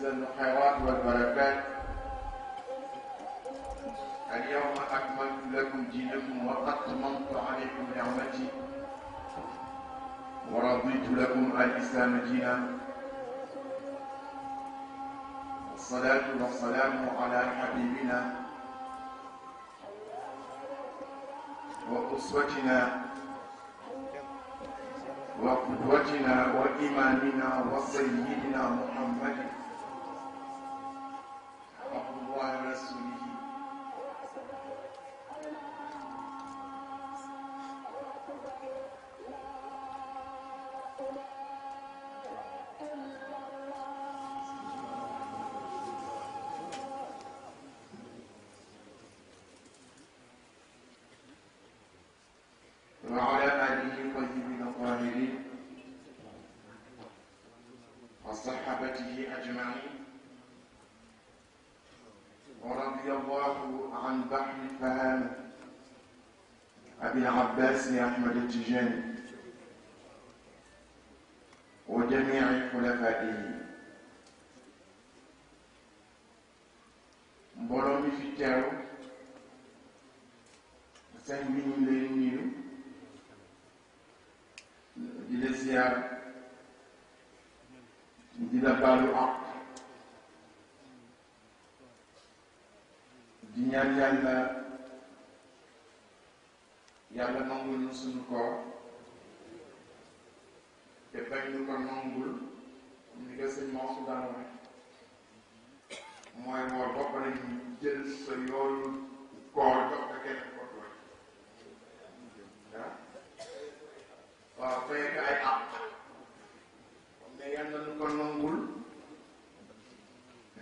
مثل الخيرات والبركات اليوم أكملت لكم دينكم وأتممت عليكم نعمتي ورضيت لكم الإسلام دينا والصلاة والسلام على حبيبنا وأسوتنا وقدوتنا وإمامنا وسيدنا محمد التجاني وجميع خلفائه mbooloo mi fi teew sañ bi ñu lay nuyu di la ziar di la baalu àq di ñaan yàlla yàlla nangul na suñu koor te bañ ñu ko nangul ni ko sëñ moo mooy ba pare ñu jël sa yooyu koor ko kenn ko tooñ waaw ko ay àpp ne yàlla nu ko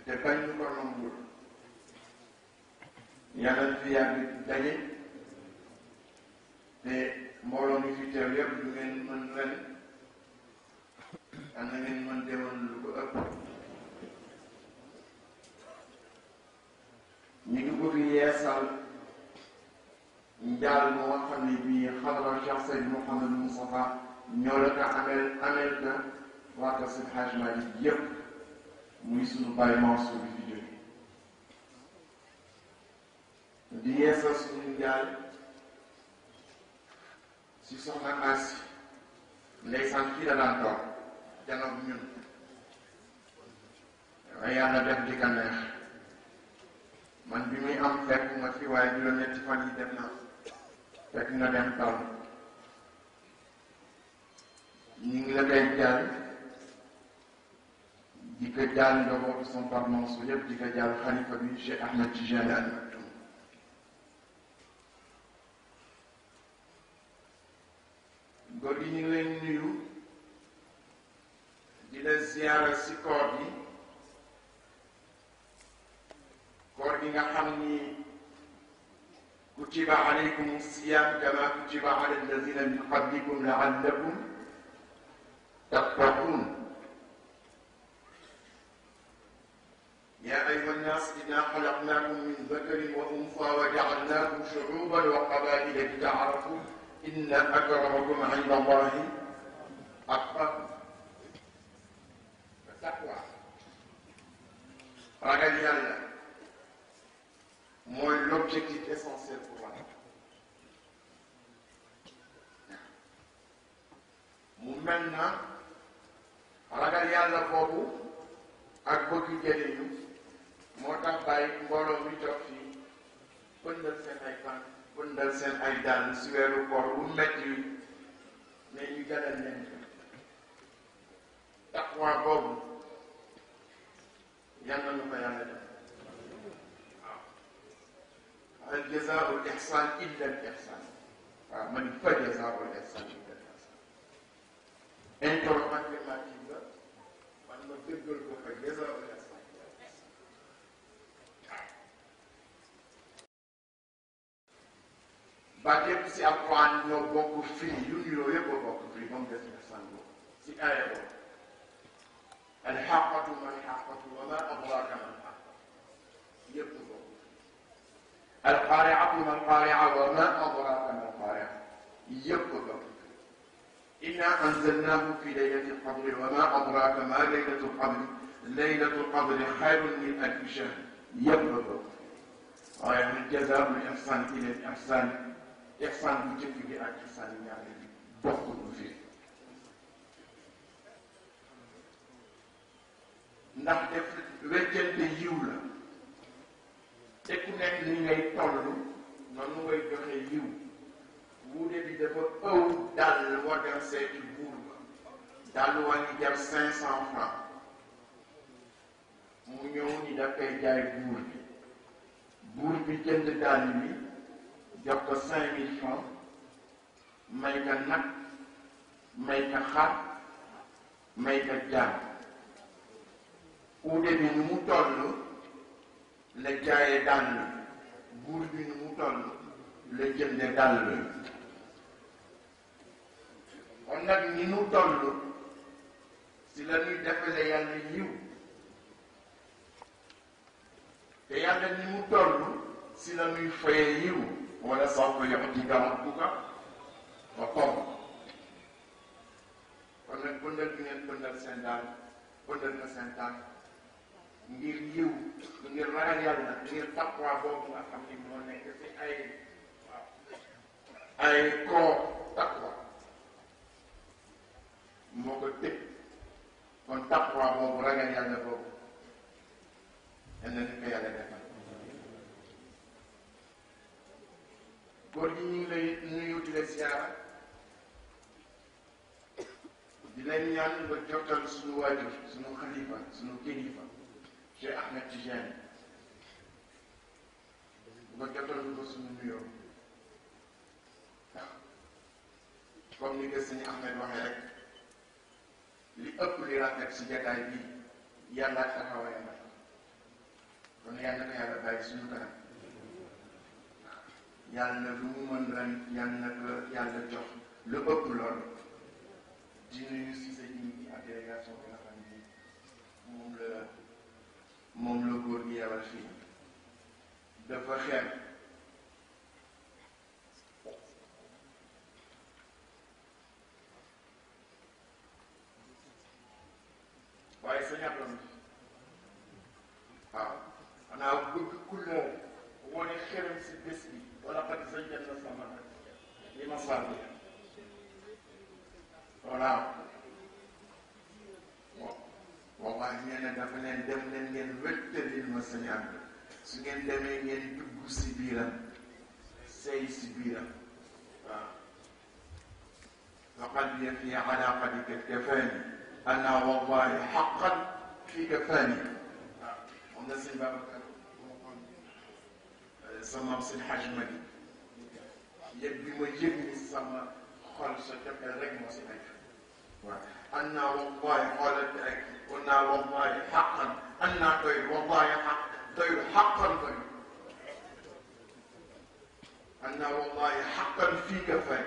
te bañ ñu ko nangul yàlla fi te mbooloo mi fi teew yëpp lu ngeen mën ren am na ngeen mën demoon lu ko ëpp ñu ngi bëgg yeesal njaal moo nga xam ne bii xadra Cheikh Seydou Mouhamadou Moustapha ñoo la ko ameel ameel na waa kër Seydi Hadj Malick yëpp muy suñu bàyyi Mansour bi fi jóge di yeesal suñu njaal si soxna Asi ndeysaan kii da daan toog janoog ñun waaye yàlla def di ka neex man bi muy am fekk ma fi waaye juróom-ñetti fan yi dem na fekk nga dem tool ñu ngi la koy jàll di ko jàll njabootu son parlement su yëpp di ko jàll xalifa bi Cheikh Ahmed Tijani góor gi ñu ngi leen nuyu di la ziyaara si koor gi koor gi nga xam ni kutiba alaykum siyam kama kutiba ala alladina min qablikum laallakum tattaqun يا أيها الناس إنا خلقناكم من ذكر وأنثى وجعلناكم شعوبا وقبائل لتعارفوا inna akramakum inda Allahi atqakum taqwa ragal yàlla mooy l'objectif essentiel pour moi mu mel na ragal yàlla boobu ak bëgg jëriñu moo tax bàyyi mbooloo mi toog fii pëndal seen ay tànk bundal seen ay dàll si weeru koor wu metti yi ne ñu jaral leen taqwa boobu yan nañu ko yàlla def waaw al jazaa'ul ihsaan illa al ihsaan waaw man fa jazaa'ul ihsaan illa al ihsaan interrogative la man ma dëggal ko fa jazaa'ul ba képp si alquran ñoo bokk fii yu niroo yëpp a bokk fii ba mu des na sànq si aaya boobu alxaqatu man xaqatu wa ma adraaka man xaqa yëpp bokk alqaariatu man qaaria wa ma adraaka man qaaria yëpp bokk inna anzalnaahu fi laylati lqadri wa ma adraaka ma laylatu lqadri laylatu lqadri xayrun min alfi shahr yëpp bokk waaye min jazaau l ihsan ila l ihsan te fan bu jëkk bi ak ci fan ñaari bi bokkuñu fi ndax def weccante yiw la te ngay toll noonu ngay joxe yiw wuute bi dafa ëw dàll wa dem seeti buur ba dàll wa ngi cinq cent franc mu ñëw ni dafay jaay buur bi bi jënd dàll bi jox ko cinq mille francs may ka nag may ka xar may ka jaam uude bi ni mu toll la jaayee dàll buur bi ni mu toll la jënde dàll kon nag ni mu toll si la ñuy defale yàlla yiw te yàlla ni mu toll si la ñuy faye yiw ولسوف يعطيك ربك فترضى kon nag bëndal bi ngeen bëndal seen daal bëndal na seen daal ngir yiw ngir ragal yàlla ngir taqwa boobu nga xam ni moo nekk ci ay waaw ay koo taqwa moo ko tëj kon taqwa boobu ragal yàlla boobu yal na ko yàlla defal góor gi ñu ngi lay nuyu di la ziara di leen ñaan nga jotal suñu waajur suñu xalifa suñu kilifa Cheikh Ahmed Tidiane nga jotal ko suñu nuyoo waaw comme ni ko suñu Ahmed waxee li ëpp li rafet si jataay bi yàlla taxawaayam kon yàlla na ko yàlla bàyyi suñu kanam yàlla na lu mu mën ren yàlla na ko yàlla jox lu ëpp lool di nuyu si sa ñi ak délégation bi nga xam ni moom la moom la góor gi yabal fii dafa xeeb dem leen ngeen wéttalil ma sañu ànd ngeen demee ngeen dugg si biiram sey kafaani ana wallahi xaqan fi kafaani waaw moom na sëñ Babacar waxoon sama sëñ xaj ma ni yëg bi ma yëg ni sama xol sa tefe rek moo si nekk waaw anna wallahi xoolal bi rek anna wallahi xaqan anna doy wallahi xaq doy xaqan doy anna wallahi xaqan fii nga fay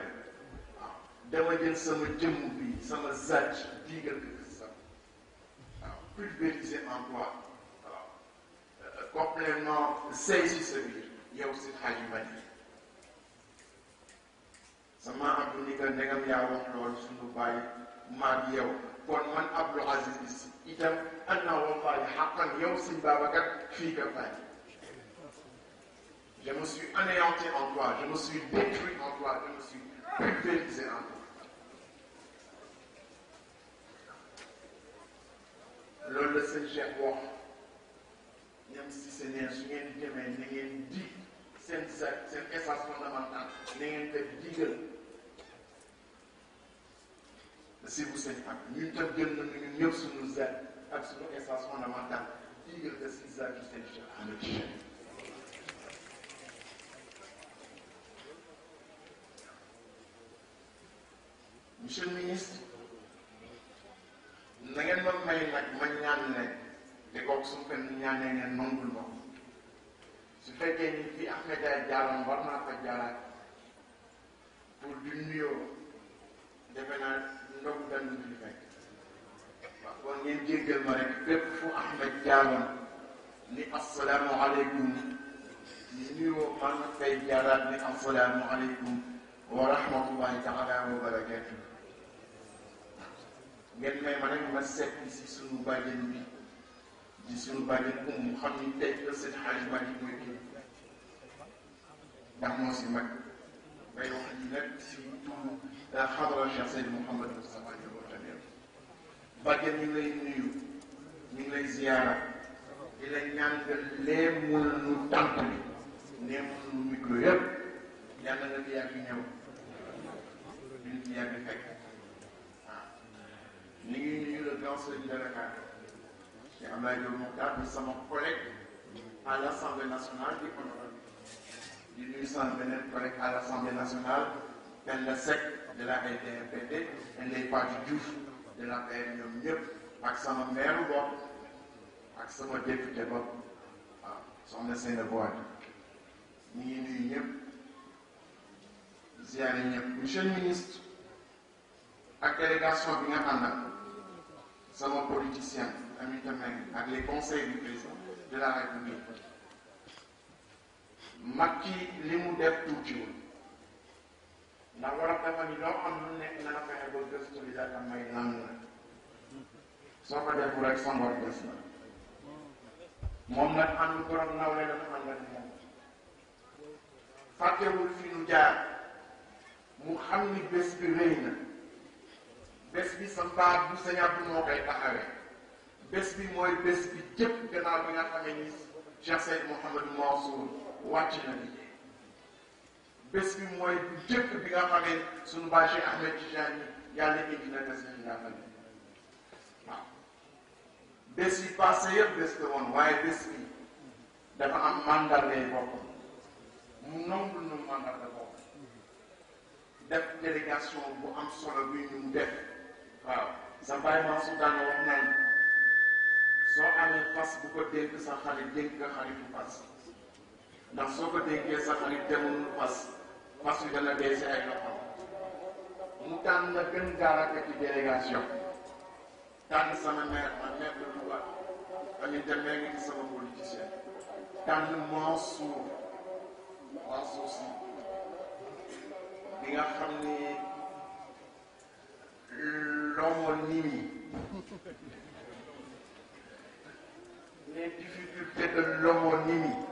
waaw dama jël sama jëmm bi sama zaaj di nga sam waaw pulvérisé en toi waaw complètement say si sa biir yow si ma nii sama am ni que ndegam yaa wax loolu suñu bàyyi maag yow kon man Abdou Aziz itam ana wallahi xaqan yow si Babacar fii ka fàtte je me suis anéanti en toi je me suis détruit en je me suis pulvérisé en toi loolu la seen cheikh wax ñam si se neen su ngeen demee na ngeen di seen seen essence fondamentale na ngeen ko digal si bu seen ak ñun tam jël nañu ñun ñëpp suñu zen ak suñu essence fondamentale tigre de six ans du seen Cheikh Ahmed Tidiane monsieur le ministre na ngeen ma may nag ma ñaan ne di kook suñu fen ñaanee ngeen nangul ma su fekkee ni fi Ahmed Tidiane jaaroon war naa fa jaaraat pour di nuyoo defe naa ndox gan bi di fekk waaw kon ngeen jéggal ma rek fu Ahmed jaaroon ni asalaamaaleykum ni nuyoo man fay jaaraat ni asalaamaaleykum wa rahmatullahi taala wa barakatu ngeen may ma rek ma si sunu bàjjen bi di sunu bàjjen um xam ni tey la seen xaalis bàjjen mooy kii ndax moo si ngay wax lii nag si turu xadra Cheikh Seydi Mouhamed Moustapha Diop tamit bàjjen ñu ngi lay nuyu ñu ngi lay ziyaara di la ñaan nga leemul nu tànt bi leemul nu micro yëpp yàlla nga di yàgg ñëw ñu ngi yàgg fekk waaw ñu ngi nuyu le grand sëriñ de Dakar te am naa yow moom daal sama collègue à l'Assemblée nationale di honorable di nuyu sama beneen collègue à l'Assemblée nationale Penda Seck de la AIDRPD Ndeye Fatou Diouf de la APR ñoom ñëpp ak sama maire bopp ak sama député bopp waaw soxna Seynabou Wade ñu ngi nuyu ñëpp ziare ñëpp monsieur le ministre ak délégation bi nga àndal sama politicien Aminata Mbengue ak les conseils du président de la République Macky li mu def tuutiwul ndax wolof dafa ni loo am lu nekk na nga fexe ba gëstu li la tam may nangu la soo ko deful rek sa mbor gës na moom nag ànd borom nawle la mu ànd ak moom fàttewul fi nu jaar mu xam ni bés bi rëy na bés bi sa mbaat bu sa ñàpp moo koy taxawee bés bi mooy bés bi jëpp gannaaw bi nga xamee ni Cheikh Seyd Mouhamadou Mansour wàcc na liggéey bés bi mooy bu jëkk bi nga xamee suñu baay Cheikh Ahmed Tijani yàlla indi na des nañ la mel waaw bés yi passé yëpp bés la woon waaye bés bi dafa am mandargay boppam mu nombre nu mandarga boppam def délégation bu am solo bi ñu def waaw sa ma su daan wax naan soo amee fas bu ko dénk sa xarit dénk nga xaritu fas ndax soo ko déggee sa xarit demul fas fas yu dana dee si ay loxo mu tànn la gën gaaraka ci délégation tànn sama maire ma maire de Touba dañuy dem mee ngi sama politicien tànn Mansour Mansour Sy bi nga xam ni lomoon nit ñi les difficultés de lomoon nit ñi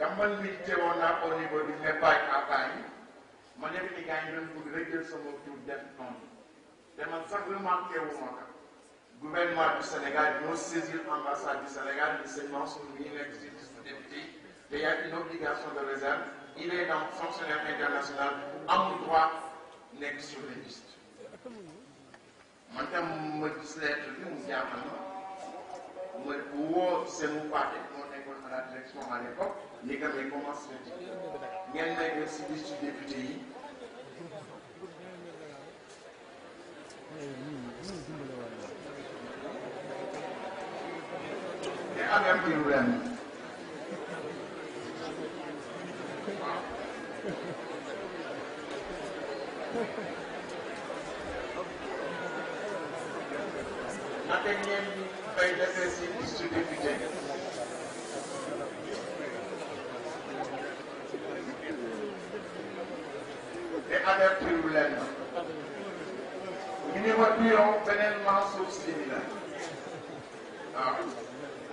dama nit woon naa au niveau du Mepaaj à Paris ma nekk ni gars yi doon bëgg rek jël sama tur def noonu dama sax remarqué wu ma ko gouvernement Sénégal ñoo saisir ambassade du Sénégal di sëñ Mansour mi ngi nekk ci député te y a une obligation de réserve il est donc fonctionnaire international amul droit nekk sur les listes man tam ma gis lettre bi mu jaaxal ma ma woo seen mu parti moo nekkoon à l'École des commencements ngeen nekk si liste député yi te amee mbiru ren ndaxte ngeen bay defee si liste député avertiru leen ñu ne ma bureau beneen Mansour Sy la waaw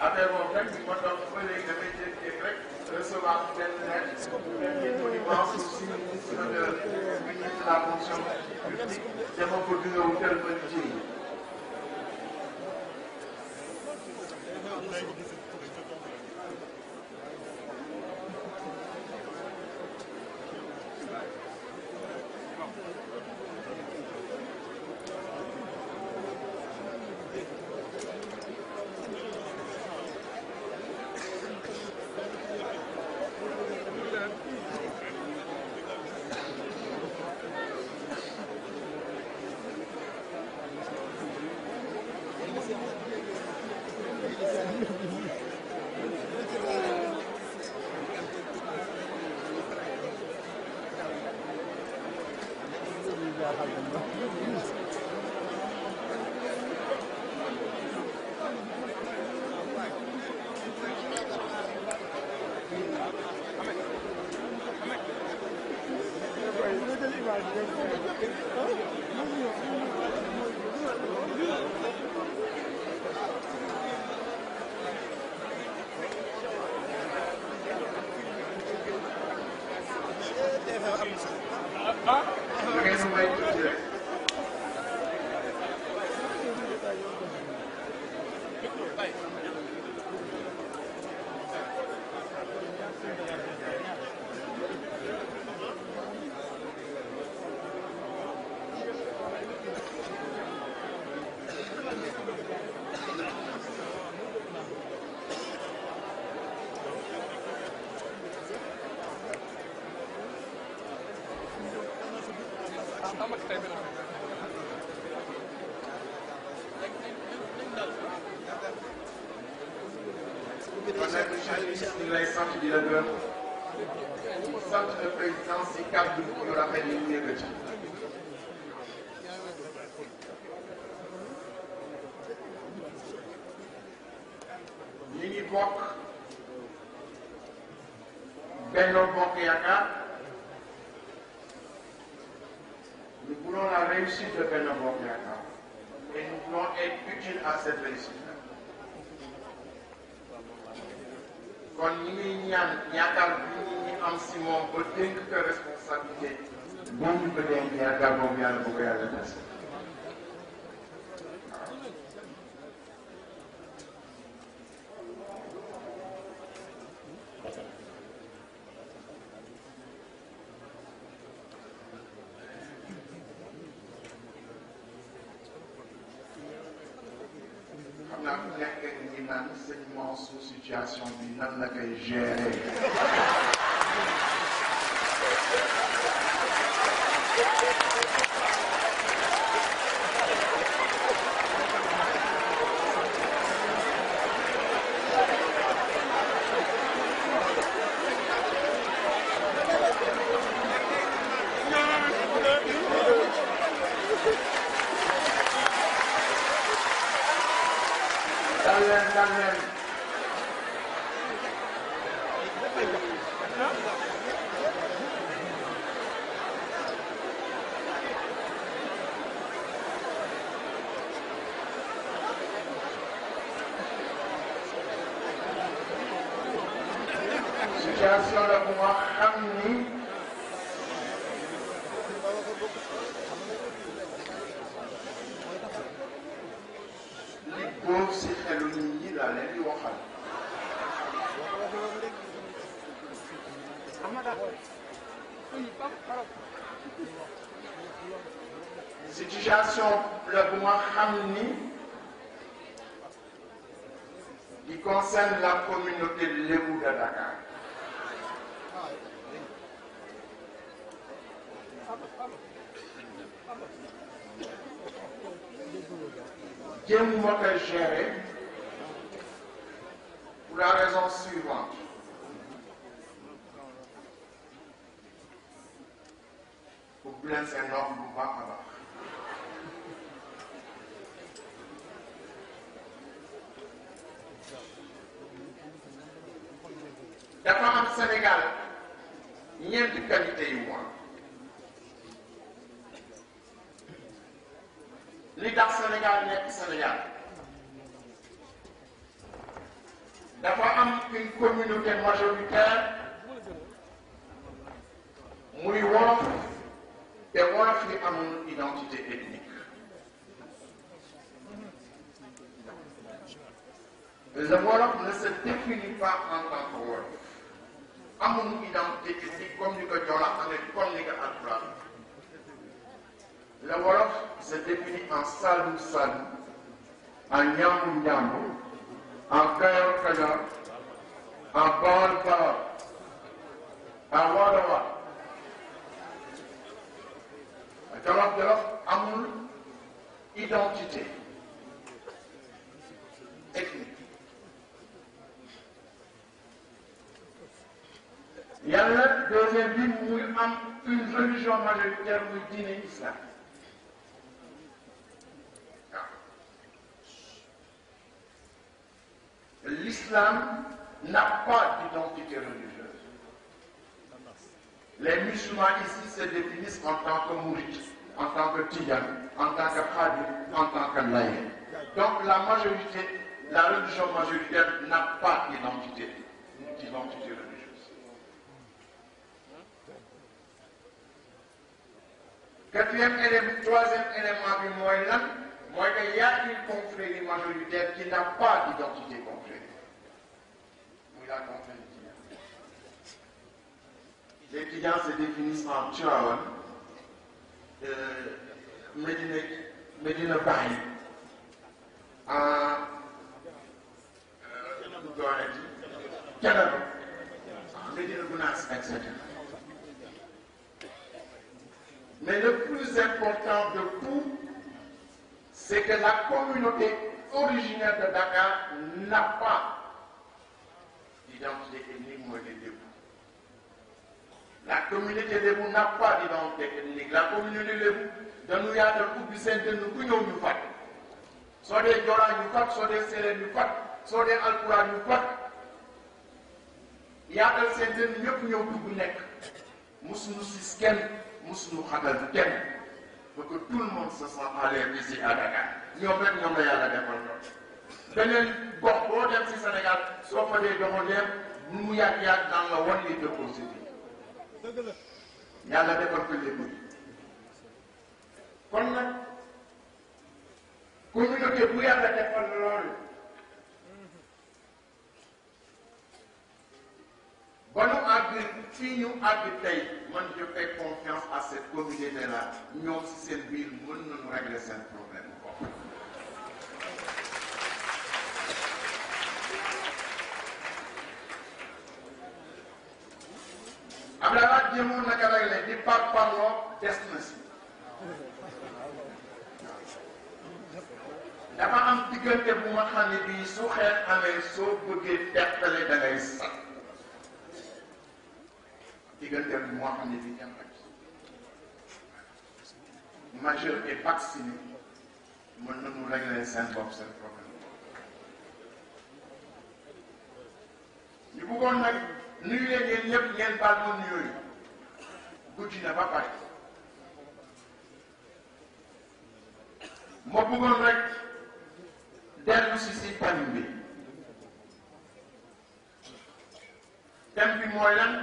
affaire boobu rek bi ma toog ba léegi damay jékki rek recevoir benn lettre mu ne Mansour Sy ministre de ministre de la fonction publique dama bëgg nga wutal ma liggéey bokk Benno Bokk Yaakaar nous voulons la réussite de Benno Bokk Yaakaar et nous voulons être utiles à cette réussite-là kon ñi ngi ñaan bi ñi ñi am si moom ba dénk ko responsabilité boobu ñu ko dénk yaakaar boobu yàlla bu ko yàlla relation la bu ma xam ni qui concerne la communauté lébou de Dakar jéem ma koy gérer la raison suivante pour plein seen senegal am Sénégal ñeenti qualité yu mu am li tax Sénégal nekk Sénégal dafa am une communauté majoritaire muy wolof te wolof yi amul identité ethnique le wolof ne se définit pas en tant que amul identité physique comme ni ko Joola amee comme ni ko Alxuraan la wolof se définit en saalum saalum en njambur njambur en kayoor kayoor en bawol bawol en waalo waalo jolof jolof amul yàlla deuxième bi muy une religion majoritaire muy l'islam n'a pas d'identité religieuse les musulmans ici se définissent en tant que mourides en tant que tidiane en tant que xaadir en tant que laïen donc la majorité la religion majoritaire n'a pas d'identité d'identité religieuse quatrième élément troisième élément bi mooy lan mooy que y a une confrérie majoritaire qui n'a pas d'identité confrérie muy la confrérie étudiante les étudiants se définissent en Tivaouane euh, Médina Médina Baye en euh, doone ji Thiénaba Médina Gounass et cetera Mais le plus important de tout, c'est que la communauté originaire de Dakar n'a pas d'identité ethnique mooy les Lébou. La communauté Lébou n'a pas d'identité ethnique la communauté Lébou dañu yaatal ubbi seen dënn ku ñëw ñu fat soo dee Joolaa ñu fat soo dee Séeréer ñu fat soo dee Alpulaar ñu fat yaatal seen dënn ñëpp ñëw dugg nekk musuñu sis kenn. mosuñu xatal kenn pour que tout le monde se sent à l'aise ici à Dakar ñoom rek ñoom la yàlla defal loolu. beneen gox boo dem ci soo fa dee doxalee nu mu yàgg yàgg daan la wan li dëppoo si bi yàlla defal ko lépp kon nag communauté bu yàlla defal loolu ba nu àgg fii ñu àgg tey. man je fais confiance à cette communauté là ñoom si seen biir mën nañu régler seen problème bopp Abdoulaye Wade jéemoon na ko régler di par parloo des na si dafa am diggante bu ma xam ne bii su xeex amee soo bëggee teqale da ngay sax diggante bi moo xam ne bi dem rek majeur et vacciné mën nañu régler seen bopp seen problème ñu bëggoon nag nuyu leen yéen ñëpp ngeen baal ma nuyooyu guddi na ba pare ma bëggoon rek dellu si si thème bi thème bi mooy lan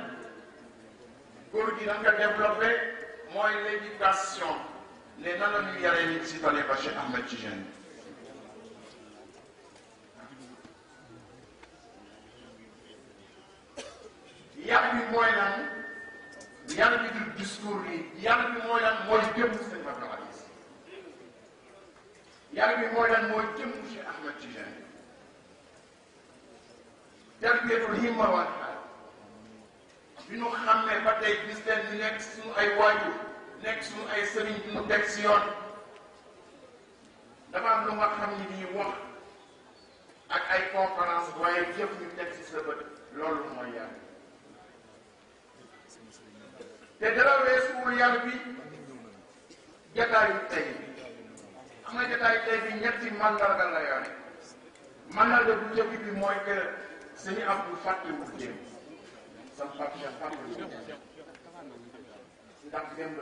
góor gi lan nga développé mooy l'éducation ne nan la ñuy yaree nit si tane ba Cheikh Ahmed Tidiane yar bi mooy lan yar bi du discours bi yar bi mooy lan mooy jëmm seen Abdou yar bi mooy lan mooy jëmm Cheikh Ahmed Tidiane tarbiyatul himma wal bi ñu xàmmee ba tey gis leen ñu nekk suñu ay waajur nekk suñu ay sëriñ bi ñu si yoon dafa am lu nga xam ni ñuy wax ak ay conférence waaye jëf ñu teg si sa bët loolu mooy yàlla te dara weesuwul yàlla bi jataayu tey xam nga jataayu tey bi ñetti mandarga la yore mandarga bu njëkk bi mooy que suñu am lu fàttewul jéem sama papa Cheikh papa Cheikh ndax dem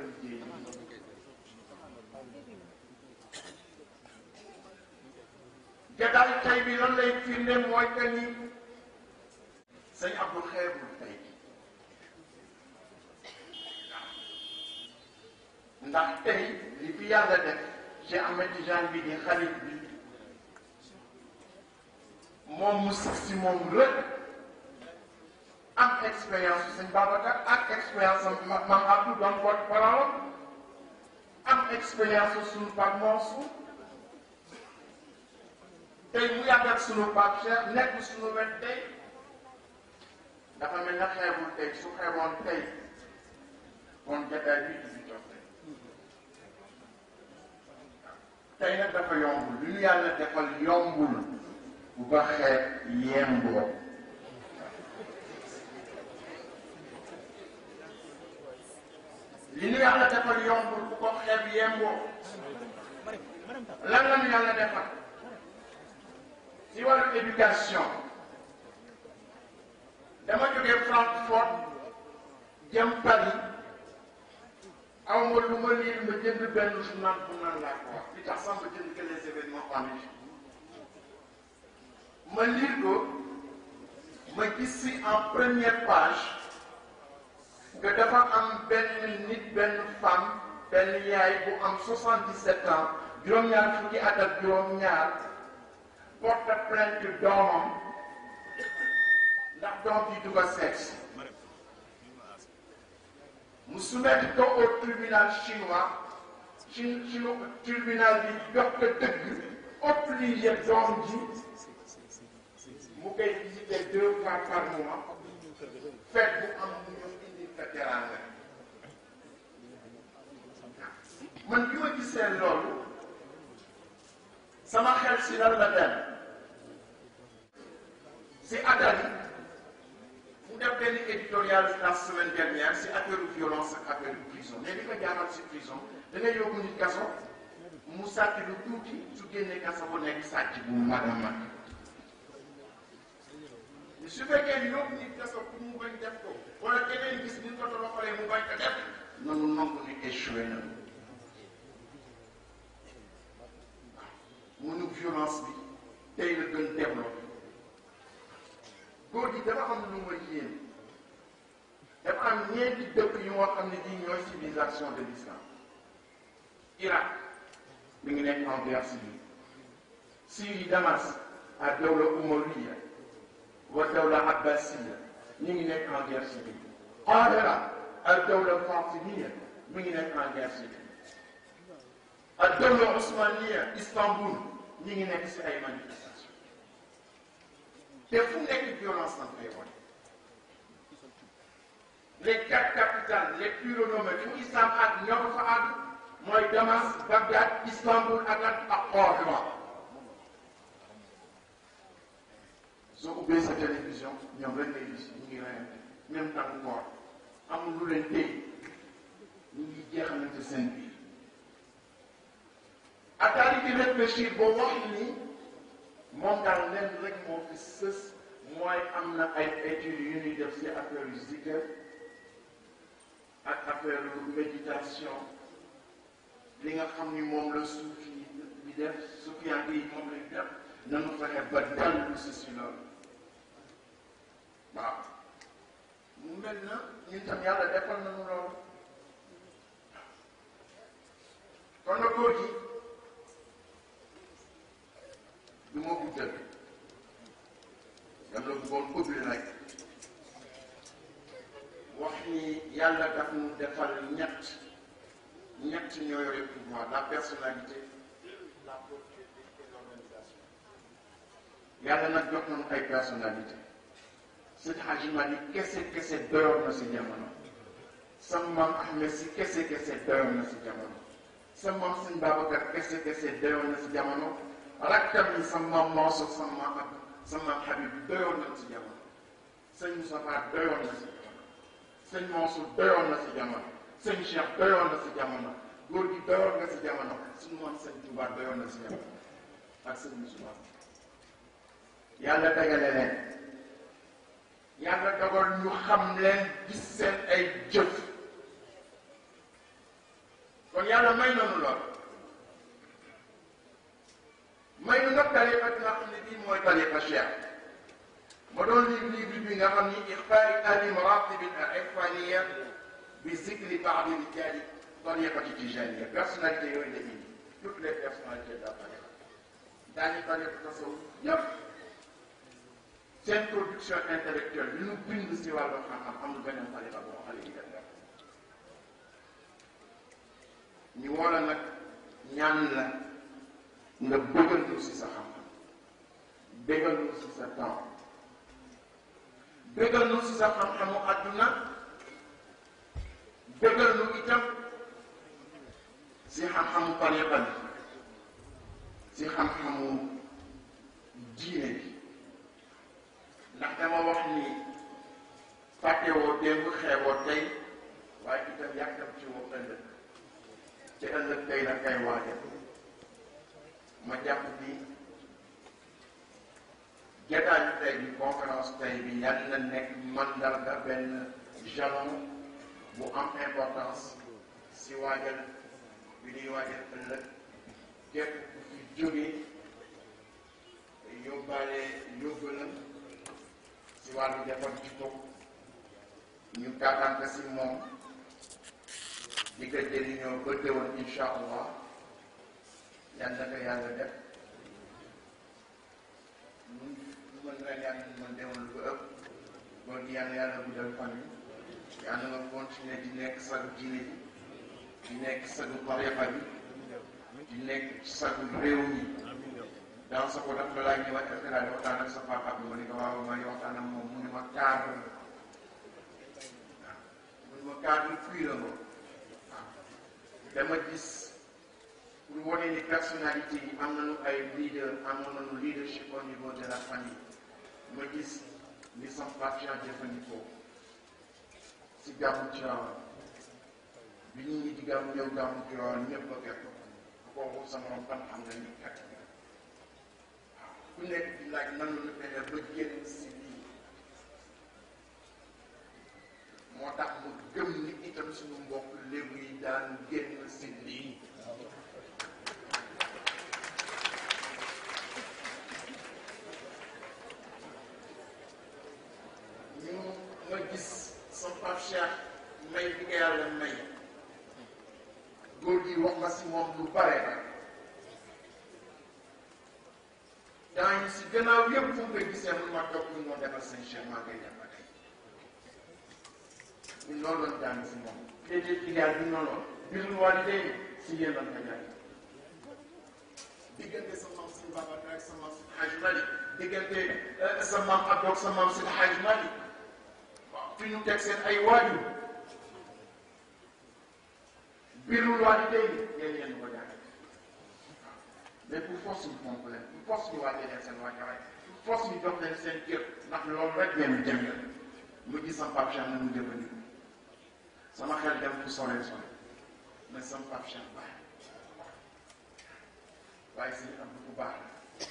li fi yàlla def ci Ahmed Tijaan bi di xarit bi moom mu sax si moom rek ak expérience su sëñ Babacar ak expérience am maam Abdou doon porte parole am expérience su suñu Pape Mansour tey mu yàgg ak suñu Pape Cheikh nekk suñu wet tey dafa mel na xeebul tey su xeeboon tey kon jataay bi du fi jox tey tey nag dafa yombul lu ñu yàlla defal yombul bu ba xeeb yemboo li ñu yàlla defal yombul ku ko xeeb yemboo lan la ñu yàlla defal ci wàllu éducation dama jógee Francfort jëm Paris aw ma lu ma liir ma jënd benn journal bu naan laa ko wax li tax sax ma jënd que les événements en ma liir ko ma gis si en première page. que dafa am benn nit benn femme benn yaay bu am 77 ans juróom-ñaar fukki at ak juróom-ñaar porte plainte doomam ndax doom bi du ko sexe mu soumettre ko au tribunal chinois ci ci tribunal bi jox ko dëgg obligé doom ji mu koy visiter deux fois par mois fekk bu am. ak teraanga man bi ma gisee loolu sama xel si lan la dem si Adali mu def benn éditorial la semaine dernière si affaire violence ak affaire prison mais li ko jaaral si prison da ngay yóbbu kaso mu sàcc lu tuuti su génnee kaso bu nekk sàcc bu mag a su fekkee yóbbu nit kaso pour mu bañ def ko wala keneen gis ni ñu ko toroxalee mu bañ ko def nanu nangu ni échoué na mu nu violence bi tey la gën développé góor gi dafa am lu ma yéen dafa am ñeenti dëkk yu nga xam ne di de l'islam Irak mi ngi nekk en guerre civile Syrie Damas ak dawla umawiya wa dawla abbasiya ñu ngi nekk en guerre civile qaadira ak dawla fatimiya mi ngi nekk en guerre civile ak dawla osmaniya Istanbul ñu ngi nekk si ay manifestation te fu nekk violence am koy wane les quatre capitales les plus renommées fu islam ak ñoo fa àgg mooy Damas Bagdad Istanbul ak ak Qahira soo ubbee sa télévision ñoom rek ngay gis ñu ngi rayante même temps koor amul lu leen téye ñu ngi jeexalante seen biir attaari di réfléchir wax ni moom daal leen rek moo fi sës mooy am na ay études yu ñuy def si affaire affaire yu méditation li nga xam ni moom la suuf yi di def suuf yaa ngi moom lañ def nanu fexe ba dellu si si loolu waaw mu mel na ñun tam yàlla defal na mu loolu kon na góor gi du ma guddal yàlla boon ubbi rek wax ni yàlla daf mu defal ñett ñett ñoo yore pouvoir la personnalité yàlla nag jox nañu ay personnalité sëñ Hadji kese kese doyoon na si jamono sa Ahmed si kese kese doyoon na si jamono sa maam sëñ Babacar kese kese doyoon na si jamono rakkam yi sa maam Mansour Habib doyoon na si jamono sëñ Moustapha doyoon na si jamono sëñ Mansour doyoon na si jamono sëñ Cheikh doyoon na si jamono góor gi na si jamono suñu maam sëñ Touba doyoon na si jamono ak sëñ Moustapha yàlla tegale leen yàlla dogal ñu xam leen gis seen ay jëf kon yàlla may nanu lool may nu nag tariqa bi nga xam ne bii mooy tariqa cheikh ma doon lire livre bi nga xam ni ixfaari ahli maratib al irfaniya bi zikri baadi rijaali tariqati tijaniya personnalité yooyu la indi toutes les personnalités de la tariqa daañu tariqa tasawuf seen production intellectuelle li ñu bind si wàllu xam-xam amul beneen xalifa boo xale yi def ñu wala nag ñaan la nga bëggal ñu si sa xam-xam bëggal ñu si sa temps bëggal ñu si sa xam-xamu àdduna bëggal ñu itam si xam-xamu tariqa bi si xam-xamu diine bi ndax dama wax ni fàttewoo démb xeeboo tey waaye itam yàkkam ci woo ëllëg te ëllëg tey nag kay waaja ma jàpp bi jataayu tey bi conférence tey bi yàlla na nekk mandarga benn jalon bu am importance si waajal bi ñuy waajal ëllëg képp jóge yóbbaale yóbbalam ci wàllu defar jikko ñu taataan si moom di ko jëriñoo ba déwén incha allah yan na yàlla def mun mën nga ñaan mën déwén lu ko ëpp boo yàlla yàlla guddal fan yi yàlla nga continuer di nekk sagu diine di nekk sagu tariqa bi di nekk sagu réew mi daaw sa ko daf laa ñëwaat eh, ak daal di waxtaan ak sa papa bi ma ne ma ne waxtaan ak moom mu ne ma cadre la waaw mu ne ma cadre puits la moom waaw dama gis pour wane ni personnalité am nañu ay leader am nañu leadership au niveau de la famille ma gis ni sam patient jëfandikoo si gàmmu Tiwaawan bi ñu ngi di gàmmu ñëw gàmmu Tiwaawan ñëpp a fekk ko kooku sa morom ban xam nga ñu fekk ku nekk di laaj nan la ba génn si lii moo tax mu gëm ni itam suñu mbokk léegi yi daan génn si lii ñu ma gis sa Pape bi nga yàlla may góor gi wax ma si moom lu gannaaw yëpp fu nga gisee ma toog ñu moo defal seen cheikh maa koy def ba tey ñun noonu lañ daanu si moom léegi digaal bi noonu bisul waa di léegi si yéen lañ ko jaay diggante sa maam si Babacar ak sa maam si Haj Mali diggante eh, sa maam ak doog sa maam si Haj Mali waaw fi ñu teg seen ay waajur bisul waa di léegi yéen yéen ko jaay mais pour force bi moom la pour force bi wàññi leen seen wàccuwaay pour force bi jox leen seen kër ndax loolu rek ngeen di jëm ma gis sama Pape Cheikh na mu jëfandiku sama xel dem fu sore sore mais sama Pape Cheikh baax waaye sëñ Abdou bu baax la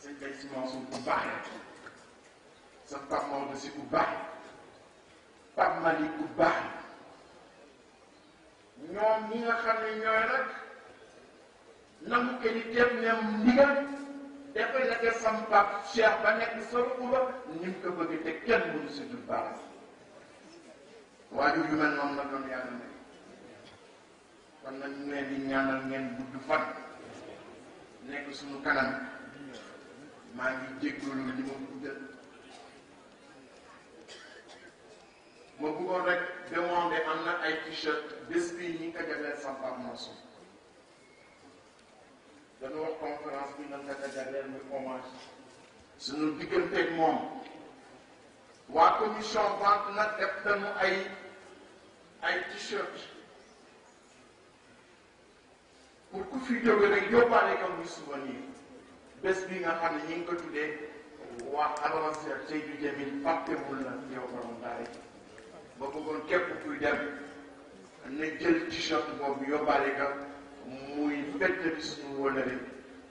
sëñ Bay Si Mansour bu baax la sa Pape Maodo si bu baax la Pape Malick bu baax la ñoom ñi na qualité ne ndigal dafay la def sam pap Cheikh ba nekk Sorouba ni mu ko bëgg te kenn mënu si dul baax waajur yu mel noonu la doon yàlla may kon nag ñu leen di ñaanal ngeen gudd fan nekk suñu kanam maa ngi jéggalu li ma guddal ma bëggoon rek demandé am na ay t-shirt bés bii ñi ngi ko defee sam pap dañu wax conférence bi nan naka jagleel muy hommage suñu digganteeg moom waa commission vente nag def nañu ay ay t-shirt pour ku fi jóge rek yóbbaale ko muy souvenir bés bi nga xam ne ñi ngi ko tuddee waa avancé Seydou Djamil fàttewul la yow borom daara ji ba bëggoon képp kuy dem na jël t-shirt boobu yóbbaale ko muy feddali suñu wëlëri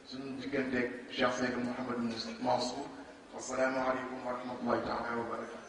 suñu digganteeg Cheikh Seydou Mouhamed Mansour asalaamaaleykum wa rahmatullahi taala wa barakatu